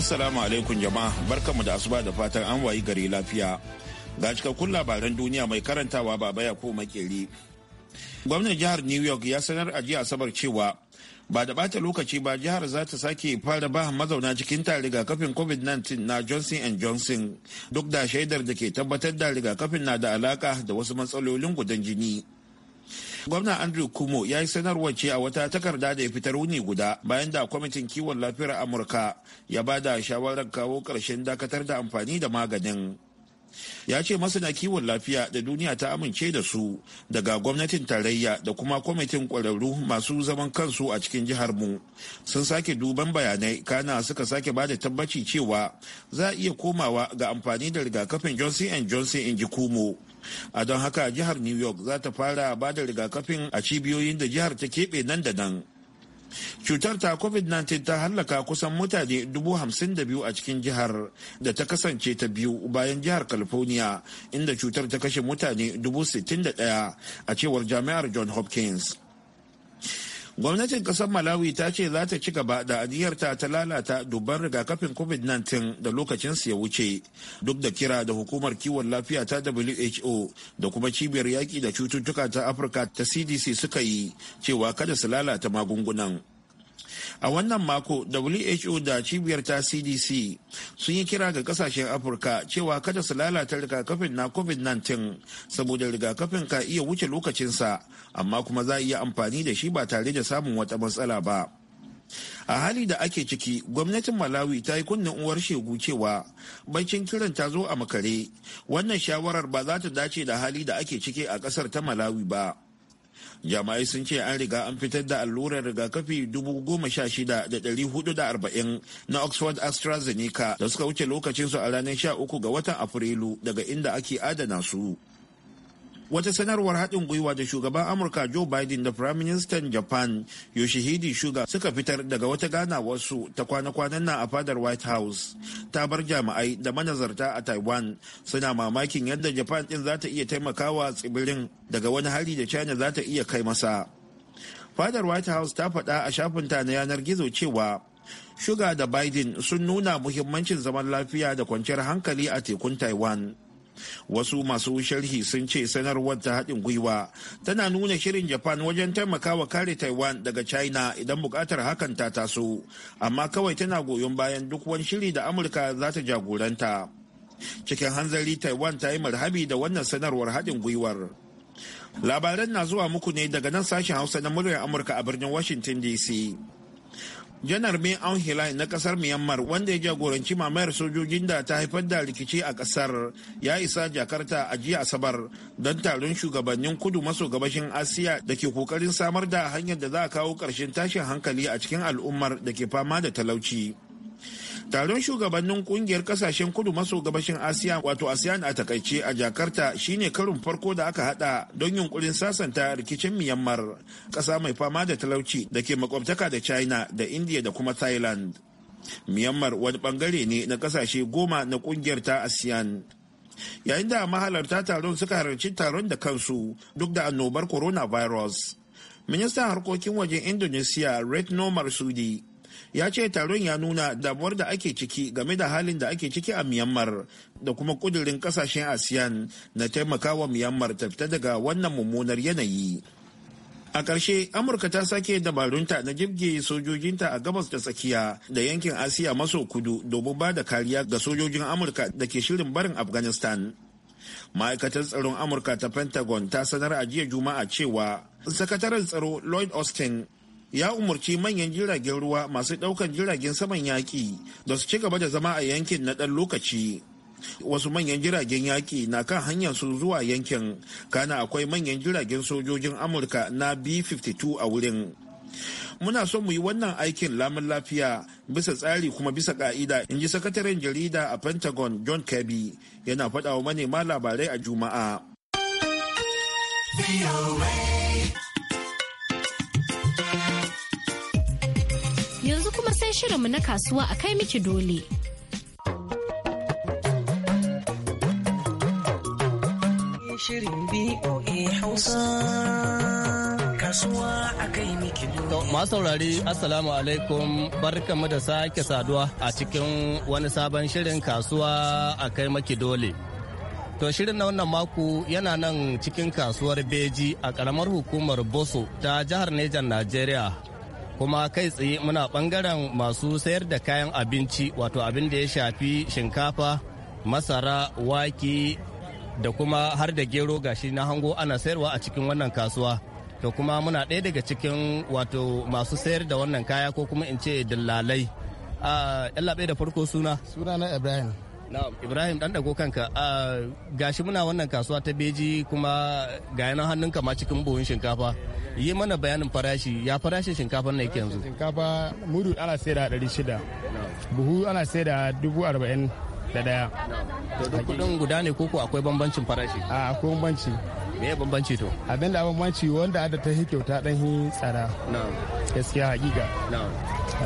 Assalamu alaikum jama'a barkamu da asuba da fatan an wayi gari lafiya. Ga cikakkun labaran duniya mai karantawa baba ya ko makeri. Gwamnan jihar New York ya sanar a jiya Asabar cewa ba da bata lokaci ba jihar za ta sake fara ba mazauna cikin ta rigakafin COVID-19 na Johnson Johnson duk da shaidar da ke tabbatar da rigakafin na da alaka da wasu matsalolin gudan jini. gwamna andrew kumo ya yi sanarwar ce a wata takarda da ya fitar wuni guda bayan da kwamitin kiwon lafiyar amurka ya ba da shawarar kawo ƙarshen dakatar da amfani da maganin ya ce masana kiwon lafiya da duniya ta amince da su daga gwamnatin tarayya da kuma kwamitin kwararru masu zaman kansu a cikin jihar mu sun sake duban bayanai kana suka sake bada tabbaci cewa za a iya komawa ga amfani da rigakafin johnson and johnson in ji kumo a don haka jihar new york za ta fara bada rigakafin a cibiyoyin da jihar ta keɓe nan da nan cutar ta covid-19 ta hallaka kusan mutane biyu a cikin jihar da ta kasance ta biyu bayan jihar california inda cutar ta kashe mutane ɗaya a cewar jami'ar john hopkins gwamnatin kasar malawi ta ce za ta ci gaba da aniyarta ta lalata dubban rigakafin covid-19 da lokacinsu ya wuce duk da kira da hukumar kiwon lafiya ta who da kuma cibiyar yaƙi da cututtuka ta afirka ta cdc suka yi cewa kada su lalata magungunan a wannan mako who da cibiyar ta cdc sun yi kira ga kasashen afirka cewa kada su lalata rigakafin na covid-19 saboda rigakafin ka iya wuce lokacinsa amma kuma za a iya amfani da shi ba tare da samun wata matsala ba a hali da ake ciki gwamnatin malawi ta yi kunnen uwar shegu cewa bancin kiran ta zo a makare wannan shawarar ba za ta dace da hali da ake ciki a kasar ta malawi ba jama'ai sun ce an riga an fitar da allurar rigakafi dubu goma sha shida da da hudu arba'in na oxford astrazeneca da suka wuce lokacinsu a ranar sha uku ga watan afrilu daga inda ake adana su wata sanarwar haɗin gwiwa da shugaban amurka joe biden da prime minister japan yoshihide shuga suka fitar daga wata ganawarsu ta kwana-kwanan nan a fadar white house ta bar jami'ai da manazarta a taiwan suna mamakin yadda japan ɗin za ta iya taimakawa tsibirin daga wani hari da china za ta iya kai masa fadar white house ta faɗa a shafinta na yanar gizo cewa shuga da biden sun nuna muhimmancin zaman lafiya da kwanciyar hankali a tekun taiwan wasu masu sharhi sun ce sanarwar ta haɗin gwiwa tana nuna shirin japan wajen taimakawa kare taiwan daga china idan buƙatar hakan ta taso amma kawai tana goyon bayan duk wani shiri da amurka za ta jagoranta cikin hanzari taiwan ta yi marhabi da wannan sanarwar haɗin gwiwar labaran na zuwa muku ne daga nan sashen hausa na muryar amurka a birnin washington dc janar min an hilai na kasar myanmar wanda ya jagoranci mamayar sojojin da ta haifar da rikici a kasar ya isa jakarta a jiya asabar don taron shugabannin kudu maso gabashin asiya da ke kokarin samar da hanyar da za a kawo karshen tashin hankali a cikin al'ummar da ke fama da talauci Taron shugabannin kungiyar kasashen kudu maso gabashin Asiya. wato ASEAN a takaice a Jakarta shine karin farko da aka hada don yunkurin sasanta rikicin Myanmar, kasa mai fama da talauci da ke makwabtaka da China da India da kuma Thailand. Myanmar wani bangare ne na kasashe goma na kungiyar ta ASEAN. Yayin da mahalarta taron suka halarci taron da kansu duk da annobar coronavirus. Ministan harkokin wajen Indonesia Retno Sudi. ya ce taron ya nuna damuwar da ake ciki game da halin da ake ciki a myanmar da kuma kudirin kasashen asiyan na taimakawa myanmar ta fita daga wannan mummunar yanayi a ƙarshe amurka ta sake dabarunta na jibge sojojinta a gabas da tsakiya da yankin asiya maso kudu domin ba da kariya ga sojojin amurka da ke shirin barin afghanistan ma'aikatar tsaron amurka ta pentagon ta sanar a jiya juma'a cewa sakataren tsaro lloyd austin ya umarci manyan jiragen ruwa masu daukan jiragen saman yaƙi da su ci gaba da zama a yankin na ɗan lokaci wasu manyan jiragen yaƙi na kan hanyar su zuwa yankin kana akwai manyan jiragen sojojin amurka na b-52 a wurin muna son mu yi wannan aikin lamun lafiya bisa tsari kuma bisa ka'ida in ji sakataren jarida a pentagon john kirby yana faɗa wa manema labarai a juma'a sai shirinmu na kasuwa a kai miki dole. Masu saurari Assalamu alaikum barkamu da sake saduwa a cikin wani sabon shirin kasuwa a kai maki dole. To shirin na wannan mako yana nan cikin kasuwar Beji a ƙaramar hukumar Boso ta jihar Nejan Najeriya kuma kai tsaye muna bangaren masu sayar da kayan abinci wato abin da ya shafi shinkafa masara wake da kuma har da gero gashi na hango ana sayarwa a cikin wannan kasuwa to kuma muna ɗaya daga cikin wato masu sayar da wannan kaya ko kuma in ce dillalai. Ah, Allah da farko suna. Suna na Ibrahim. Ibrahim dan dago kanka gashi muna wannan kasuwa ta beji kuma ga yana hannun kama cikin buhun shinkafa yi mana bayanin farashi ya farashin shinkafa na yake yanzu. Shinkafa mudu ana sai da 600 shida buhu ana sai da dubu arba'in da daya. To duk kudin guda ne koko akwai bambancin farashi? A akwai bambanci. me ya bambanci to abin da bambanci wanda ada ta kyauta dan hi tsara gaskiya hakika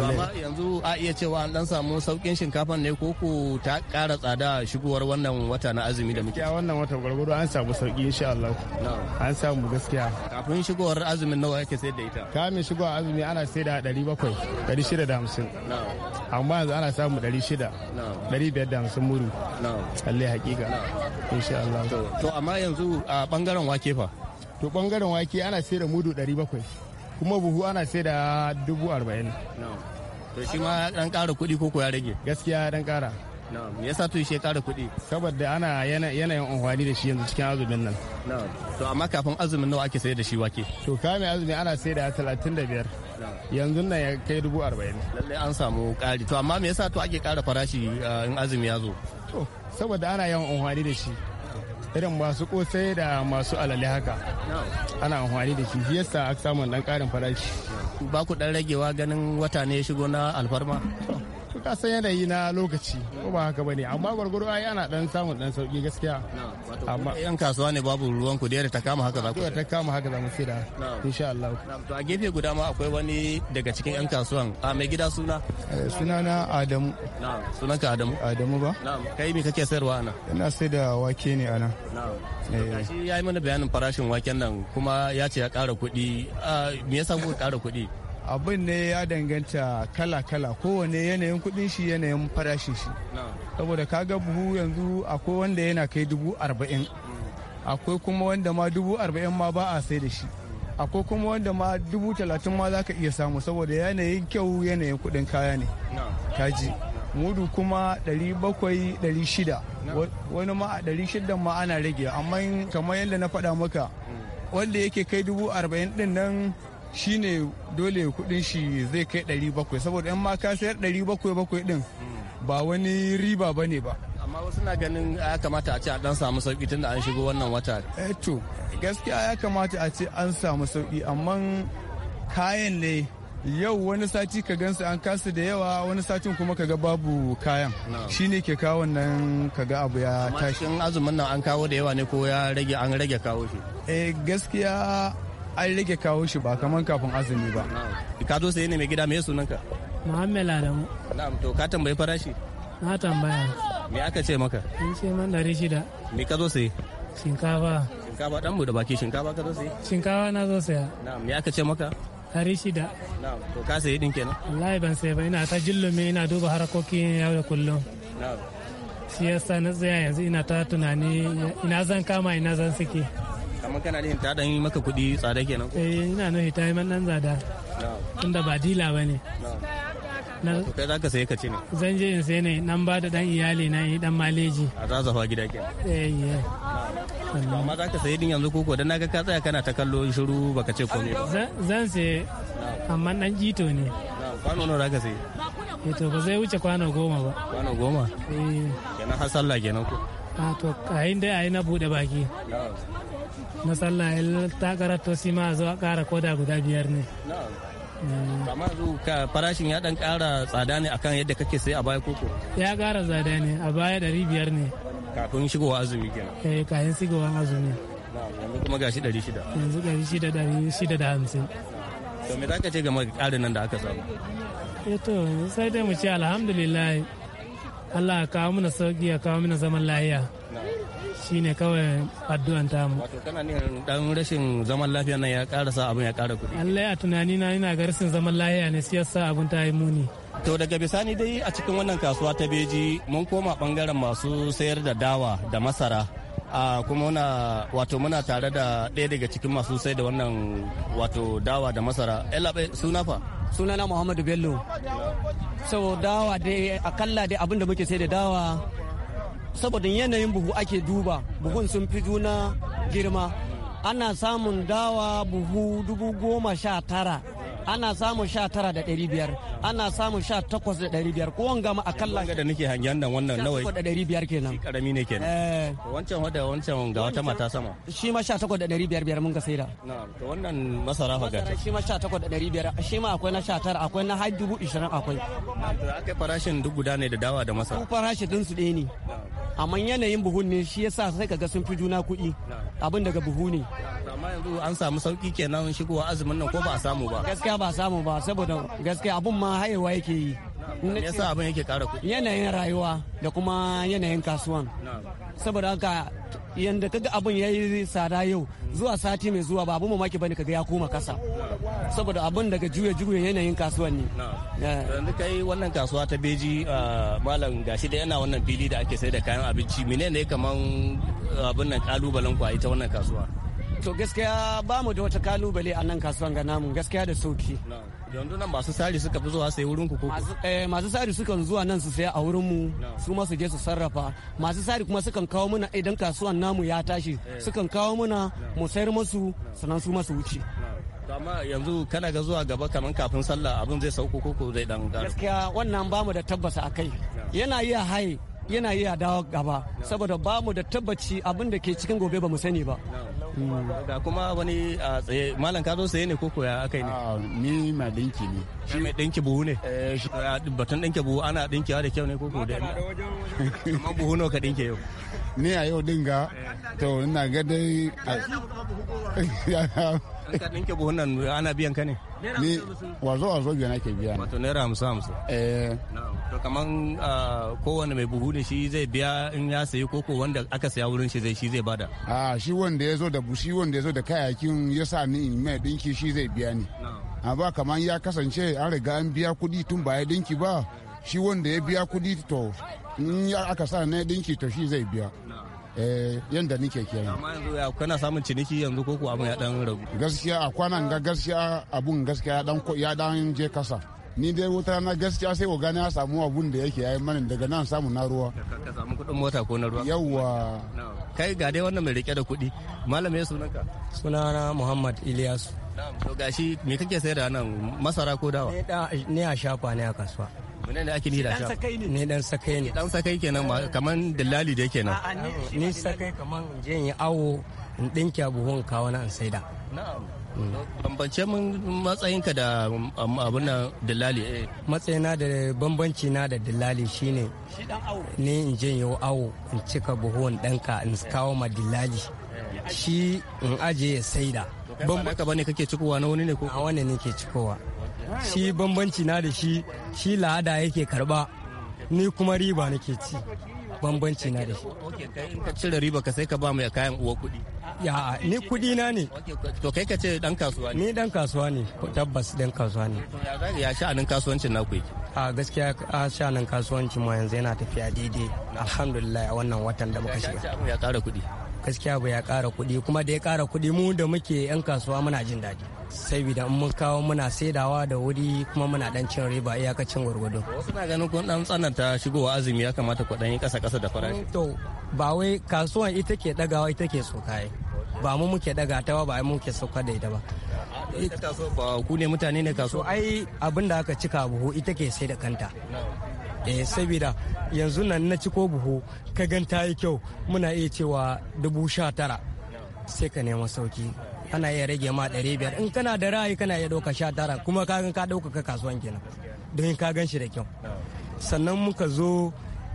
amma yanzu a iya cewa an dan samu saukin shinkafan ne ko ku ta kara tsada shigowar wannan wata na azumi da muke wannan wata gwargwado an samu sauki insha Allah an samu gaskiya kafin shigowar azumin nawa yake sayar da ita kamin shigowar azumi ana sayar da 700 650 amma yanzu ana samu 600 550 muru lalle hakika insha Allah to amma yanzu a bangaren wake fa to bangaren wake ana sayar da mudu 700 kuma buhu ana sai da dubu arba'in to shi ma dan kara kuɗi ko ya rage gaskiya dan kara me yasa tu shi kara kuɗi saboda ana yanayin amfani da shi yanzu cikin azumin nan to amma kafin azumin nawa ake sayar da shi wake to kame azumi ana sai da talatin da biyar yanzu nan ya kai dubu arba'in lallai an samu ƙari to amma me yasa to ake ƙara farashi eh, in azumi ya zo to saboda ana yawan amfani da shi irin masu kosai da masu alale haka ana amfani da shi shi a samun dan karin farashi ba ku dan ragewa ganin wata ne ya shigo na alfarma ka san yanayi na lokaci ko ba haka bane amma gwargwaro ai ana dan samun dan sauki gaskiya amma yan kasuwa ne babu ruwan ku da ta kama haka za ku ta kama haka za mu sai da insha Allah to a gefe guda ma akwai wani daga cikin yan kasuwan a mai gida suna eh, suna na Adamu na'am sunan ka Adamu Adamu ba na'am kai me kake sayarwa ana ina sai da wake ne ana na'am eh. shi yayi mana bayanin farashin waken nan kuma ya ce ya ƙara kuɗi ah, me yasa kuka ƙara kuɗi abin ne ya danganta kala-kala kowane yanayin kudin shi yanayin farashin shi saboda kaga buhu yanzu akwai wanda yana kai dubu arba'in akwai kuma wanda ma dubu arba'in ma ba a sai da shi akwai kuma wanda ma dubu talatin ma za ka iya samu saboda yanayin kyau yanayin kudin kaya ne kaji mudu kuma ɗari bakwai ɗari shida wani ma a ɗari shida ma ana rage amma kamar yadda na faɗa maka wanda yake kai dubu arba'in ɗin nan shine dole kudin shi zai kai 700 saboda yan maka sayar 700 din ba wani riba ba ne ba amma wasu na ganin ya kamata a ce a dan samu sauki tunda an shigo wannan wata Eto eh gaskiya ya kamata a ce an samu sauki amma kayan ne yau wani sati ka gansu an kasu da yawa wani satin kuma ka ga babu kayan shi ne ke kawo nan ka ga abu ya tashi Amma azumin nan an kawo da yawa ne ko ya rage an rage kawo shi eh gaskiya an rike kawo shi ba kamar kafin azumi ba ka zo sai ne mai gida me sunanka muhammed adamu na'am to ka tambayi farashi na tambaya me aka ce maka Ni ce man dari shida me ka zo sai shinkafa shinkafa ɗan da baki shinkafa ka zo sai shinkafa na zo saya na'am me aka ce maka dari shida na'am to ka sayi ɗin kenan wallahi ban sai ba ina ta jillume ina duba harkokin yau da kullum na'am shi yasa na tsaya yanzu ina ta tunani ina zan kama ina zan siki. kamar kana da hinta dan yi maka kuɗi tsada kenan ko eh ina nan ta man nan zada tunda ba dila bane to kai zaka sai ka ci ne zan je in sai ne nan ba da dan iyali na yi dan maleji a za zafa gida kenan eh eh amma za ka saye din yanzu koko dan naga ka tsaya kana ta kallo shiru baka ce komai ba zan sai amma dan jito ne kwano nawa zaka saye eh to ba zai wuce kwano goma ba kwano goma eh kenan har sallah kenan ko a ah, to a yin dai a yi na bude baki na sallah in ta kara to shi ma zo a kara koda guda biyar ne kamar zu ka farashin ya dan kara tsada ne akan yadda kake sai a baya koko ya kara tsada ne a baya dari biyar ne kafin shigowa azumi kenan eh kafin shigowa azumi yanzu kuma gashi dari shida yanzu dari shida dari shida da hamsin to me zaka ce game da karin nan da aka samu eh to sai dai mu ce alhamdulillah Allah ya kawo mana sauki ya kawo mana zaman lahiya shi ne kawai addu'an tamu wato kana ne dan rashin zaman lafiya nan ya karasa abin ya kara kuɗi Allah ya tunani na ina ga rashin zaman lafiya ne siyasa sa abin ta yi muni To daga bisani dai a cikin wannan kasuwa ta beji mun koma bangaren masu sayar da dawa da masara a kuma muna wato muna tare da ɗaya daga cikin masu sai da wannan wato dawa da masara ɗaya suna fa sunana muhammadu bello so dawa dai akalla dai abin da muke sai da dawa saboda yanayin buhu ake duba buhun sun fi juna girma ana samun dawa buhu dubu goma sha tara ana samun sha tara da ɗari biyar ana samun sha takwas da ɗari biyar ko gama a akalla ga da nake hangen nan wannan nawa sha da ɗari biyar kenan karami ne kenan eh. wancan wada wancan ga wata mata sama shi ma sha takwas da ɗari biyar biyar mun ka saida na'am to wannan masara fa gata shi ma sha takwas da ɗari biyar shi ma akwai na sha tara akwai na har dubu ishirin akwai aka farashin duk guda ne da dawa da masara ku farashi din su ɗaya ne amma yanayin buhun ne shi yasa sai ga sun fi juna kuɗi abin daga buhu ne amma yanzu an samu sauki kenan shigowa azumin nan ko ba a samu ba gaskiya gaskiya ba samu ba saboda gaskiya abun ma haihuwa yake yi yasa abin yake kara kuɗi yanayin rayuwa da kuma yanayin kasuwan saboda haka yadda kaga abin ya yi tsada yau zuwa sati mai zuwa ba abin mamaki bane kaga ya koma kasa saboda abin daga juya juya yanayin kasuwan ne yanzu kai wannan kasuwa ta beji malam gashi da yana wannan fili da ake sai da kayan abinci menene ne kaman abin nan kalubalen ku a ita wannan kasuwa to gaskiya ba mu da wata kalubale a nan kasuwan ga namu gaskiya da sauki yanzu nan masu sari suka fi zuwa sai wurin ku ko eh, masu sari sukan zuwa nan su saya a wurin mu su ma su je su sarrafa masu sari kuma sukan kawo muna eh, idan kasuwan namu ya tashi eh. sukan kawo muna mu sayar musu sannan su ma su wuce amma yanzu kana ga zuwa gaba kamar kafin sallah abin zai sauko ko zai dan gaskiya wannan bamu da tabbasa akai yana iya haye yana yi a dawo gaba saboda ba mu da tabbaci abin da ke cikin gobe ba mu sani ba hmm. ga kuma wani a tsaye malam ka zo saye ne ko koya aka yi ne ah, ni ma dinki ne shi mai dinki buhu ne eh, batun dinki buhu ana dinkiwa da kyau ne ko ko da amma buhu n'o ka dinki yau ni a yau dinga to ina ga dai an ka dinki buhun nan ana biyan ka ne ni wazo wazo biya nake biya ne. wato naira hamsin hamsin eh to kaman ah, kowane mai buhu ne shi zai biya in ya sayi koko wanda aka saya wurin shi zai shi zai bada a shi wanda ya zo da bushi wanda ya zo da kayakin ya sa ni in mai dinki shi zai biya ni a ba kaman ya kasance an riga an biya kuɗi tun ba ya dinki ba shi wanda ya biya kuɗi to in aka sa na dinki to shi zai biya yadda eh, yanda nike ke amma yanzu ya kana samun ciniki yanzu ko kuwa abin ya dan ragu gaskiya a kwanan ga gaskiya abun gaskiya ya dan ya dan je kasa ni dai wata rana gaskiya sai wa gane ya samu abun da yake yayi mani daga nan samu na ruwa ka samu kudin mota ko na ruwa Yawwa. kai ga dai wannan mai rike da kudi malam ya sunanka sunana muhammad ilyasu to gashi me kake sayar da nan masara ko dawa ne a shafa ne a kasuwa Mene ne ake ni da sha? Ni dan sakai ne. Dan sakai kenan ba kaman dillali da kenan. Ni sakai kaman je in awo in dinki buhun kawo na an saida. Na'am. Mm. bambance mun matsayinka da um, um, abun nan dillali eh. matsayina da bambanci na da dillali shine ne in je yau awo in cika dan ka in eh. kawo ma dillali eh. shi in aje ya saida ban ka bane kake cikowa na wani ne ko a wani ne ke cikowa shi bambanci na da shi shi la'ada yake karba ni kuma riba nake ci bambanci na da shi ka cire riba ka sai ka ba mai kayan uwa kuɗi ya ni kuɗi na ne to kai ka ce dan kasuwa ne ni dan kasuwa ne tabbas dan kasuwa ne ya sha anan kasuwancin na ku a gaskiya a anan kasuwancin mu yanzu yana tafiya daidai alhamdulillah a wannan watan da muka shiga ya ƙara kuɗi gaskiya ba ya ƙara kuɗi kuma da ya ƙara kuɗi mu da muke 'yan kasuwa muna jin daɗi saboda in mun kawo muna saidawa da wuri kuma muna dan cin riba iyakacin gwargwado wasu na ganin kun dan tsananta shigowa azumi ya kamata ku dan yi kasa kasa da farashi to ba wai kasuwan ita ke dagawa ita ke sokaye ba mu muke daga ta ba mu muke sauka da ita ba ba ku ne mutane ne kasuwa ai abin da aka cika buhu ita ke sai da kanta eh saboda yanzu nan na ciko buhu ka gan ta yi kyau muna iya cewa dubu sha tara sai ka nema sauki kana iya rage ma ɗari biyar in kana da ra'ayi kana iya ɗauka sha tara kuma ka ka ɗaukaka kasuwan kenan don ka gan shi da kyau sannan muka zo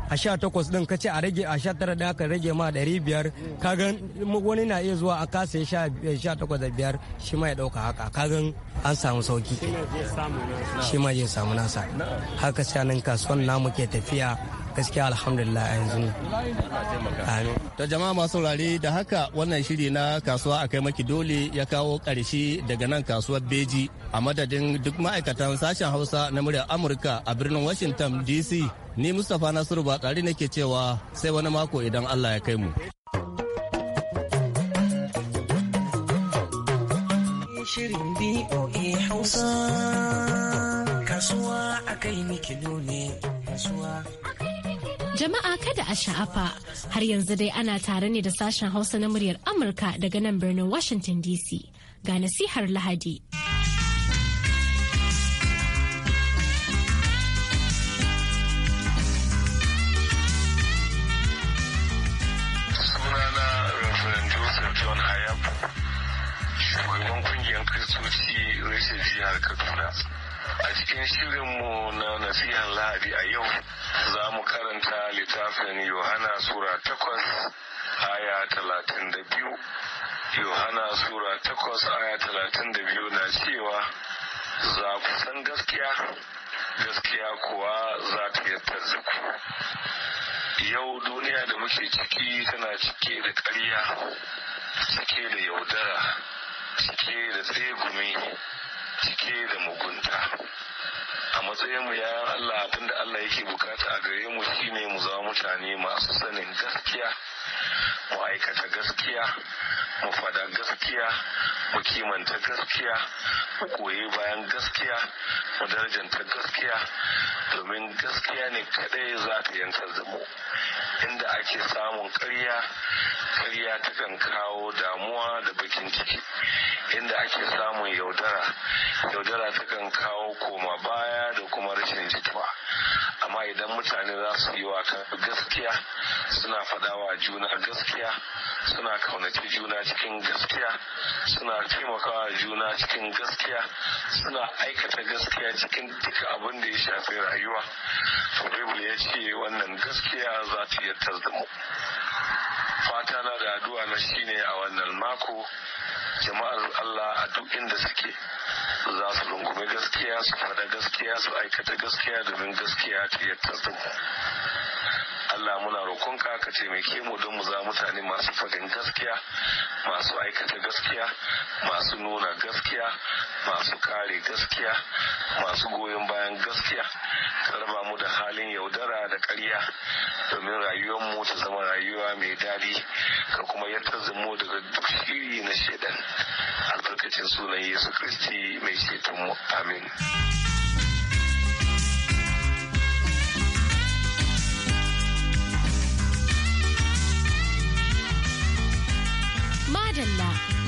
a sha takwas ɗin ka ce a rage a sha tara da aka rage ma ɗari biyar ka wani na iya zuwa a kasa ya sha takwas da biyar shi ma ya ɗauka haka ka an samu sauki shi ma je samu nasa haka sha nan kasuwan namu ke tafiya gaskiya alhamdulillah a yanzu ne jama'a masu saurari da haka wannan shiri na kasuwa a kai maki dole ya kawo ƙarshe daga nan kasuwar beji a madadin duk ma'aikatan sashen hausa na muryar amurka a birnin washington dc ni mustapha nasiru ba tsari nake cewa sai wani mako idan allah ya kai mu shirin BOA Hausa. Kasuwa a kai ne. kasuwa. Jama'a kada a sha'afa har yanzu dai ana tare ne da sashen Hausa na muryar Amurka daga nan birnin Washington DC ga nasihar Lahadi. Sunana Reverend Joseph John Hayab, shugaban kungiyar kristoci Rashin Jihar Kaduna. a cikin shirinmu na nasihan lahadi a yau za mu karanta littafin yohana sura takwas aya talatin da biyu yohana sura takwas aya talatin da biyu na cewa za ku san gaskiya gaskiya kuwa za ta yadda ku yau duniya da muke ciki tana cike da ƙarya cike da yaudara cike da tsegumi cike da mugunta a matsayin mu yayan Allah abin da Allah yake bukata a gare mu shine mu zama mutane masu sanin gaskiya mu aikata gaskiya mu fada gaskiya mu kimanta gaskiya mu koyi bayan gaskiya mu darajanta gaskiya domin gaskiya ne kadai za ta yantar da mu inda ake samun karya karya takan kawo damuwa da bakin ciki inda ake samun yaudara yaudara takan kawo koma baya da kuma rashin jituwa amma idan mutane za su yi wa gaskiya suna fadawa juna gaskiya suna kaunaci juna cikin gaskiya suna taimakawa juna cikin gaskiya suna aikata gaskiya cikin duka abin da ya shafi rayuwa to ya ce wannan gaskiya za ta yi mu fata na da addu'a na shine a wannan mako jama'ar Allah a duk inda suke za su rungume gaskiya su faɗa gaskiya su aikata gaskiya domin gaskiya ta yadda Allah muna roƙonka ka taimake mu don mu za mutane masu faɗin gaskiya masu aikata gaskiya masu nuna gaskiya masu kare gaskiya masu goyon bayan gaskiya ba mu da halin yaudara da ƙarya domin rayuwar mu ta zama rayuwa mai daɗi ka kuma yadda mu daga duk shiri na shaidan albarkacin sunan yesu kristi mai ceton mu amin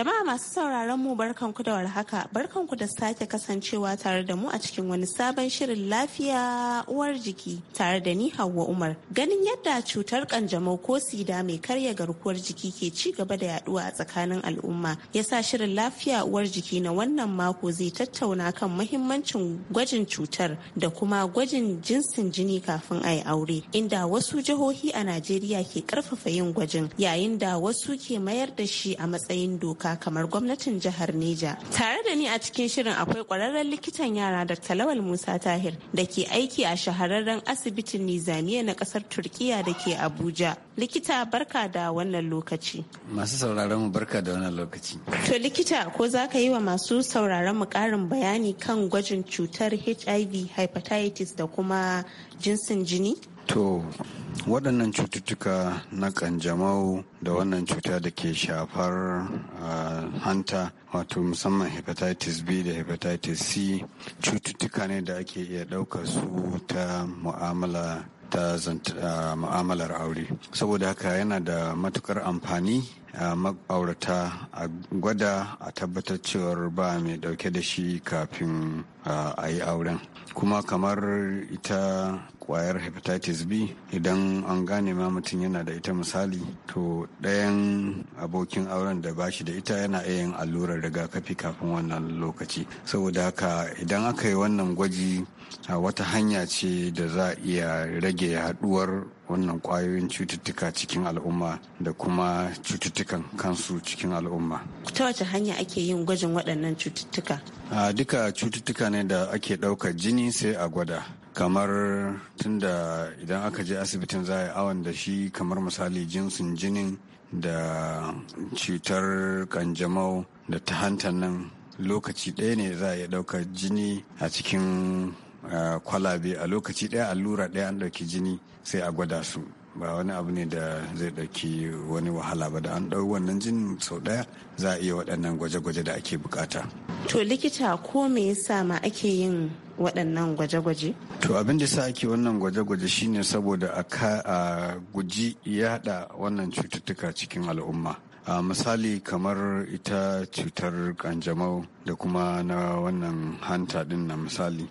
Jama'a masu sauraron mu barkanku da warhaka, barkanku da sake kasancewa tare da mu a cikin wani sabon shirin lafiya uwar jiki tare da ni Hauwa Umar. Ganin yadda cutar kanjamau ko sida mai karya garkuwar jiki ke ci gaba da yaduwa a tsakanin al'umma, yasa shirin lafiya uwar jiki na wannan mako zai tattauna kan mahimmancin gwajin cutar da kuma gwajin jinsin jini kafin a yi aure, inda wasu jihohi a Najeriya ke karfafa yin gwajin, yayin da wasu ke mayar da shi a matsayin doka. kamar gwamnatin jihar Neja. Tare da ni a cikin shirin akwai kwararren likitan yara da Lawal Musa Tahir da ke aiki a shahararren asibitin Nizamiya na kasar Turkiya da ke Abuja. Likita barka da wannan lokaci. Masu sauraron mu barka da wannan lokaci. To likita ko za ka yi wa masu sauraron mu ƙarin bayani kan gwajin cutar HIV, hepatitis da kuma jinsin jini? To waɗannan cututtuka na ƙanjamau da wannan cuta da ke shafar hanta wato musamman hepatitis b da hepatitis c cututtuka ne da ake iya ɗaukar su ta mu'amala ta mu'amalar aure saboda haka yana da matukar amfani a ma'aurata a gwada a tabbatar cewar ba mai dauke da shi kafin a yi auren kuma kamar ita kwayar hepatitis b idan an gane ma mutum yana da ita misali to ɗayan abokin auren da ba shi da ita yana iya yin allurar rigakafi kafin wannan lokaci saboda haka idan aka yi wannan gwaji a wata hanya ce da za a iya rage haduwar wannan kwayoyin cututtuka cikin al'umma da kuma cututtukan kansu cikin al'umma. Ta wace hanya ake yin gwajin waɗannan cututtuka? A Duka cututtuka ne da ake ɗauka jini sai a gwada. kamar tunda idan aka je asibitin za a yi awon da shi kamar misali jinsin jinin da cutar kanjamau da ta hantar nan lokaci ɗaya ne za a iya ɗaukar jini a cikin kwalabe a lokaci ɗaya allura ɗaya an ɗauki jini sai a gwada su ba wani abu ne da zai ɗauki wani wahala ba da an ɗau wannan jin sau ɗaya za a iya waɗannan gwaje-gwaje da ake bukata. To likita ko me yasa ma ake yin waɗannan gwaje-gwaje? To abin da sa ake wannan gwaje-gwaje shine saboda a guji yada wannan cututtuka cikin al'umma. a misali kamar ita cutar kanjamau da kuma na wannan hanta din na misali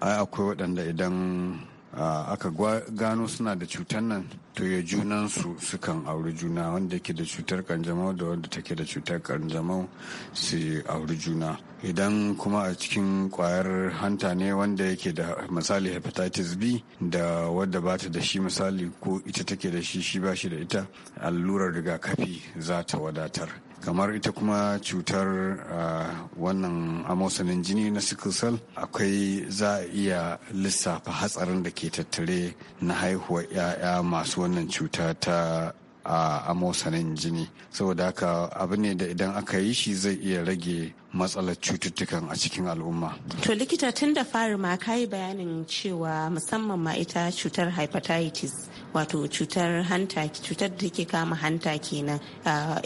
akwai waɗanda idan aka gano suna da cutar nan to ya junan su sukan auri juna wanda ke da cutar kanjamau da wanda take da cutar kanjamau su auri juna idan kuma a cikin kwayar hanta ne wanda yake da misali hepatitis b da wadda ba ta da shi misali ko ita take da shi shi ba shi da ita allurar rigakafi za ta wadatar kamar ita kuma cutar wannan amosanin jini na sickle cell akwai za a iya lissafa hatsarin da ke tattare na haihuwar 'ya'ya masu wannan cuta ta a amosanin jini saboda haka abu ne da idan aka yi shi zai iya rage matsalar cututtukan a cikin al'umma. To likita tun da fari ma kayi bayanin cewa musamman ma ita cutar hepatitis wato cutar hanta cutar da ke kama hanta kenan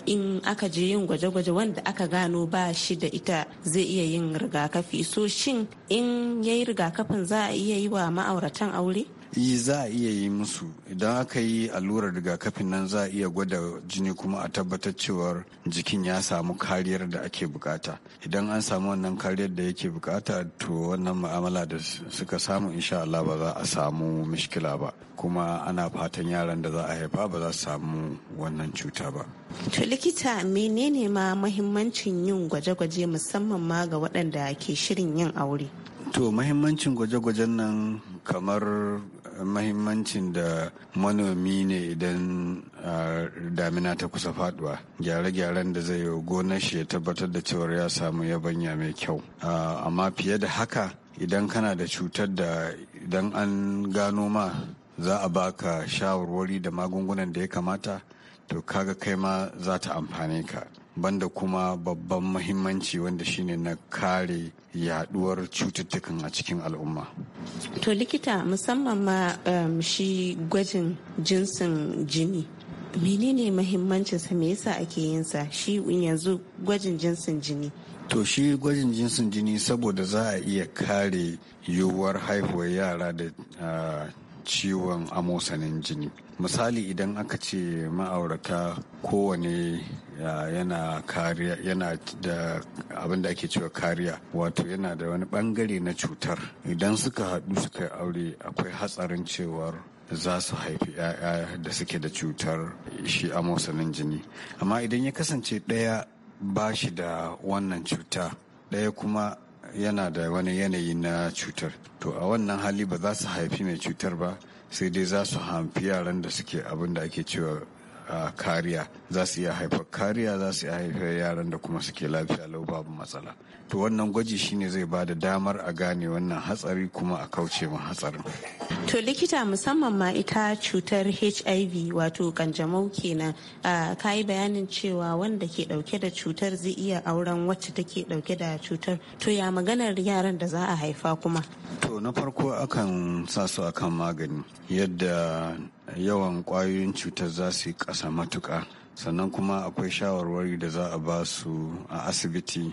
in aka je yin gwaje-gwaje wanda aka gano ba shi da ita zai iya yin rigakafi so shin in yayi rigakafin za a iya yi wa ma'auratan aure? za a iya yi musu idan aka yi allurar rigakafin nan za a iya gwada jini kuma a tabbatar cewar jikin ya samu kariyar da ake bukata idan an samu wannan kariyar da yake bukata to wannan mu'amala da suka samu insha Allah ba za a samu mishkila ba kuma ana fatan yaran da za a haifa ba za su samu wannan cuta ba to likita menene ma mahimmancin yin gwaje-gwaje musamman ma ga waɗanda ke shirin yin aure to mahimmancin gwaje-gwajen nan kamar mahimmancin da manomi ne idan damina ta kusa faduwa gyare-gyaren da zai yi gonar shi ya tabbatar da cewar ya samu yabanya mai kyau amma fiye da haka idan kana da cutar da idan an gano ma za a baka shawarwari da magungunan da ya kamata to kaga kai ma za ta amfane ka banda kuma babban mahimmanci wanda shine na kare yaduwar cututtukan a cikin al'umma. To likita musamman ma um, shi gwajin jinsin jini menene sa me yasa ake yin sa shi yanzu gwajin jinsin jini to shi gwajin jinsin jini saboda za a iya kare yiwuwar haihuwar yara da uh, ciwon amosanin jini misali idan aka ce ma'aurata kowane yana kariya yana da abin da ake cewa kariya wato yana da wani bangare na cutar idan suka haɗu suka aure akwai hatsarin cewar za su haifi 'ya'ya da suke da cutar shi amosanin jini amma idan ya kasance ɗaya ba shi da wannan cuta ɗaya kuma yana da wani yanayi na cutar to a wannan hali ba za su haifi mai cutar ba sai dai za su hamfi yaran da suke abin da ake cewa kariya za su iya haifar kariya za su iya haifar yaran da kuma suke lafiya lau babu matsala to wannan gwaji shine zai ba da damar a gane wannan hatsari kuma a kauce ma hatsarin to likita musamman ma ita cutar hiv wato kanjamau kenan ka yi bayanin cewa wanda ke dauke da cutar zai iya auren wacce take dauke da cutar to ya maganar yaran da za a haifa kuma to na farko akan sa su akan magani yadda yawan kwayoyin cutar za su yi ƙasa matuƙa sannan kuma akwai shawarwari da za a ba su a asibiti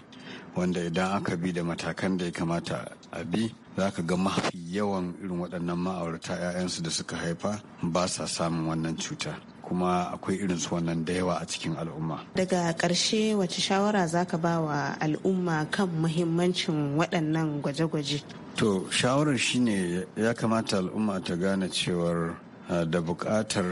wanda idan aka bi da matakan da ya kamata a bi za ka ga mafi yawan irin waɗannan ma'aurata 'ya'yansu da suka haifa ba sa samun wannan cuta kuma akwai irin su wannan da yawa a cikin al'umma. Daga ƙarshe wace shawara za ka ba wa al'umma kan muhimmancin waɗannan gwaje-gwaje? To shawarar shine ya kamata al'umma ta gane cewar Ah, da buƙatar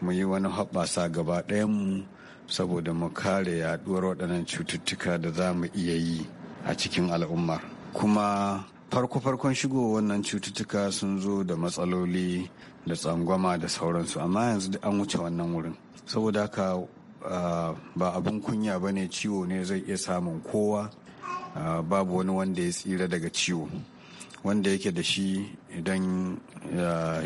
mu yi wani haɓasa gaba mu saboda mu kare yaɗuwar waɗannan cututtuka da za mu iya yi a cikin al'umma kuma farko-farkon shigo wannan cututtuka sun zo da matsaloli da tsangwama da sauransu amma yanzu an wuce wannan wurin saboda haka ah, ba abin kunya ba ne ciwo ne zai iya samun kowa ah, babu wani wanda ya tsira daga ciwo wanda yake da shi idan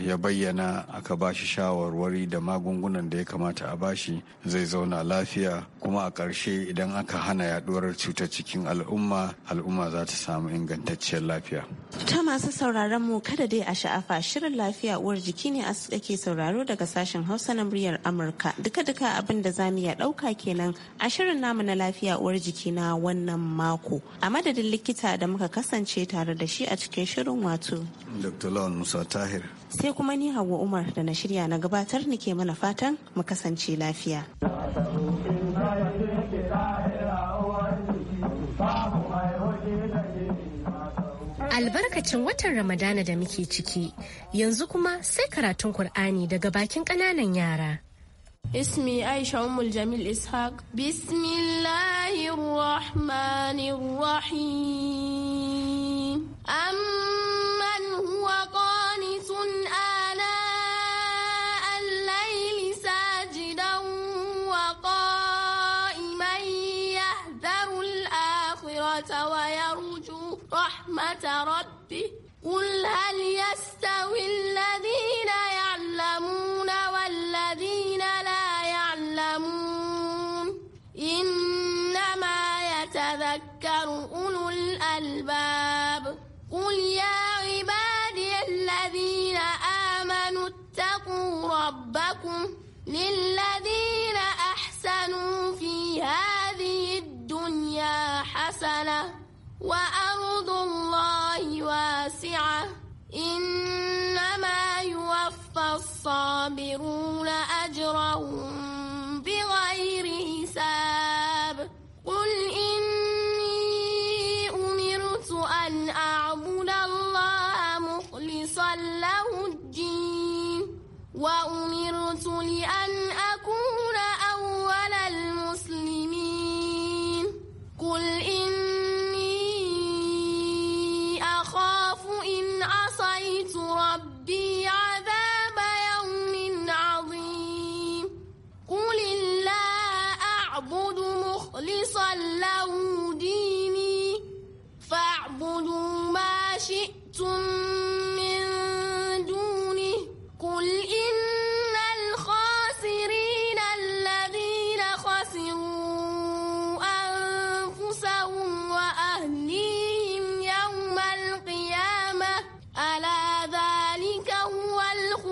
ya bayyana aka ba shi shawarwari da magungunan da ya kamata a bashi zai zauna lafiya kuma a ƙarshe idan aka hana yaduwar cutar cikin al'umma al'umma za ta samu ingantacciyar lafiya. ta masu sauraron mu kada dai a sha'afa shirin lafiya uwar jiki ne ake sauraro daga sashen hausa na muryar amurka duka-duka abin da za mu ya ɗauka kenan a shirin namu na lafiya uwar jiki na wannan mako a madadin likita da muka kasance tare da shi a cikin cikin shirin wato. Dr. Lawan Musa Tahir. Sai kuma ni Hauwa Umar da na shirya na gabatar nike mana fatan mu kasance lafiya. albarkacin watan ramadana da muke ciki yanzu kuma sai karatun kur'ani daga bakin ƙananan yara Ismi Aisha Umul Jamil Ishaq. Bismillahirrahmanirrahim. أم إنما يوفى الصابرون أجرهم